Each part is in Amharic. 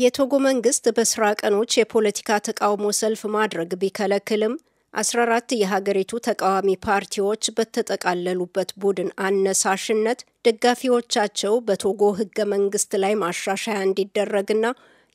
የቶጎ መንግስት በስራ ቀኖች የፖለቲካ ተቃውሞ ሰልፍ ማድረግ ቢከለክልም 14 የሀገሪቱ ተቃዋሚ ፓርቲዎች በተጠቃለሉበት ቡድን አነሳሽነት ደጋፊዎቻቸው በቶጎ ህገ መንግስት ላይ ማሻሻያ እንዲደረግና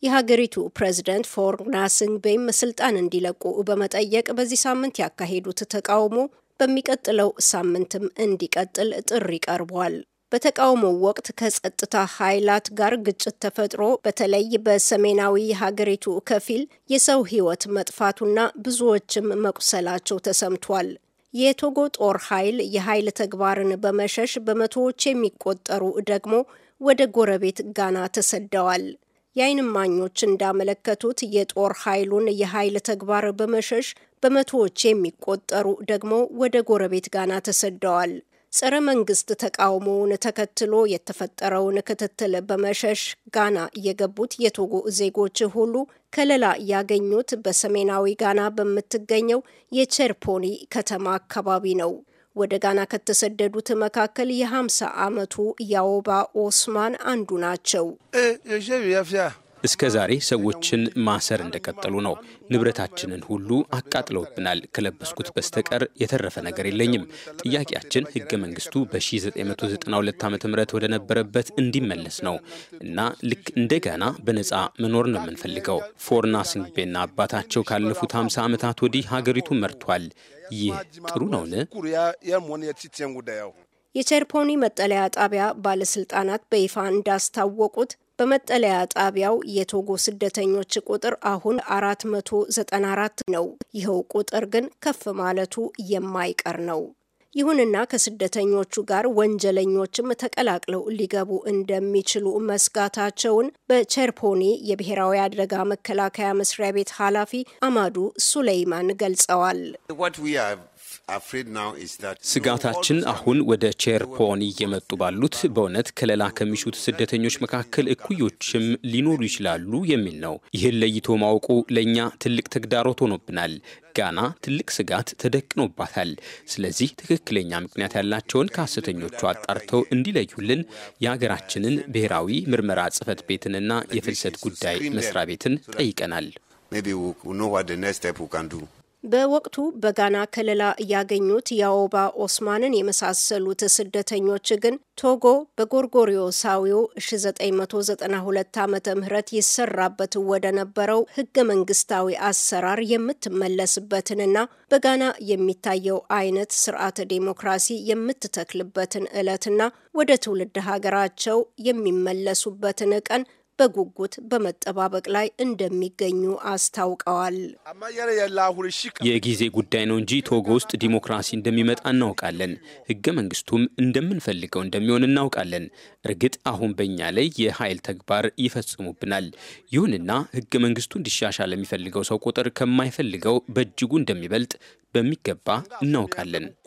የሀገሪቱ ፕሬዝደንት ፎር ሲንግቤም ስልጣን እንዲለቁ በመጠየቅ በዚህ ሳምንት ያካሄዱት ተቃውሞ በሚቀጥለው ሳምንትም እንዲቀጥል ጥሪ ቀርቧል። በተቃውሞው ወቅት ከጸጥታ ኃይላት ጋር ግጭት ተፈጥሮ በተለይ በሰሜናዊ ሀገሪቱ ከፊል የሰው ሕይወት መጥፋቱና ብዙዎችም መቁሰላቸው ተሰምቷል። የቶጎ ጦር ኃይል የኃይል ተግባርን በመሸሽ በመቶዎች የሚቆጠሩ ደግሞ ወደ ጎረቤት ጋና ተሰደዋል። የዓይን እማኞች እንዳመለከቱት የጦር ኃይሉን የኃይል ተግባር በመሸሽ በመቶዎች የሚቆጠሩ ደግሞ ወደ ጎረቤት ጋና ተሰደዋል። ጸረ መንግስት ተቃውሞውን ተከትሎ የተፈጠረውን ክትትል በመሸሽ ጋና የገቡት የቶጎ ዜጎች ሁሉ ከለላ ያገኙት በሰሜናዊ ጋና በምትገኘው የቸርፖኒ ከተማ አካባቢ ነው። ወደ ጋና ከተሰደዱት መካከል የ50 ዓመቱ ያወባ ኦስማን አንዱ ናቸው። እስከ ዛሬ ሰዎችን ማሰር እንደቀጠሉ ነው። ንብረታችንን ሁሉ አቃጥለውብናል። ከለበስኩት በስተቀር የተረፈ ነገር የለኝም። ጥያቄያችን ህገ መንግስቱ በ1992 ዓ ም ወደ ነበረበት እንዲመለስ ነው እና ልክ እንደገና በነፃ መኖር ነው የምንፈልገው። ፎርና ስንግቤና አባታቸው ካለፉት 50 ዓመታት ወዲህ ሀገሪቱ መርቷል። ይህ ጥሩ ነውን? የቸርፖኒ መጠለያ ጣቢያ ባለስልጣናት በይፋ እንዳስታወቁት በመጠለያ ጣቢያው የቶጎ ስደተኞች ቁጥር አሁን 494 ነው። ይኸው ቁጥር ግን ከፍ ማለቱ የማይቀር ነው። ይሁንና ከስደተኞቹ ጋር ወንጀለኞችም ተቀላቅለው ሊገቡ እንደሚችሉ መስጋታቸውን በቸርፖኒ የብሔራዊ አደጋ መከላከያ መስሪያ ቤት ኃላፊ አማዱ ሱሌይማን ገልጸዋል። ስጋታችን አሁን ወደ ቼርፖን እየመጡ ባሉት በእውነት ከለላ ከሚሹት ስደተኞች መካከል እኩዮችም ሊኖሩ ይችላሉ የሚል ነው። ይህን ለይቶ ማወቁ ለእኛ ትልቅ ተግዳሮት ሆኖብናል። ጋና ትልቅ ስጋት ተደቅኖባታል። ስለዚህ ትክክለኛ ምክንያት ያላቸውን ከሐሰተኞቹ አጣርተው እንዲለዩልን የሀገራችንን ብሔራዊ ምርመራ ጽሕፈት ቤትንና የፍልሰት ጉዳይ መስሪያ ቤትን ጠይቀናል። በወቅቱ በጋና ከለላ ያገኙት የአውባ ኦስማንን የመሳሰሉት ስደተኞች ግን ቶጎ በጎርጎሪዮሳዊው 1992 ዓ ም ይሰራበት ወደ ነበረው ህገ መንግስታዊ አሰራር የምትመለስበትንና በጋና የሚታየው አይነት ስርዓተ ዴሞክራሲ የምትተክልበትን ዕለትና ወደ ትውልድ ሀገራቸው የሚመለሱበትን ቀን በጉጉት በመጠባበቅ ላይ እንደሚገኙ አስታውቀዋል። የጊዜ ጉዳይ ነው እንጂ ቶጎ ውስጥ ዲሞክራሲ እንደሚመጣ እናውቃለን። ህገ መንግስቱም እንደምንፈልገው እንደሚሆን እናውቃለን። እርግጥ አሁን በእኛ ላይ የኃይል ተግባር ይፈጽሙብናል። ይሁንና ህገ መንግስቱ እንዲሻሻል የሚፈልገው ሰው ቁጥር ከማይፈልገው በእጅጉ እንደሚበልጥ በሚገባ እናውቃለን።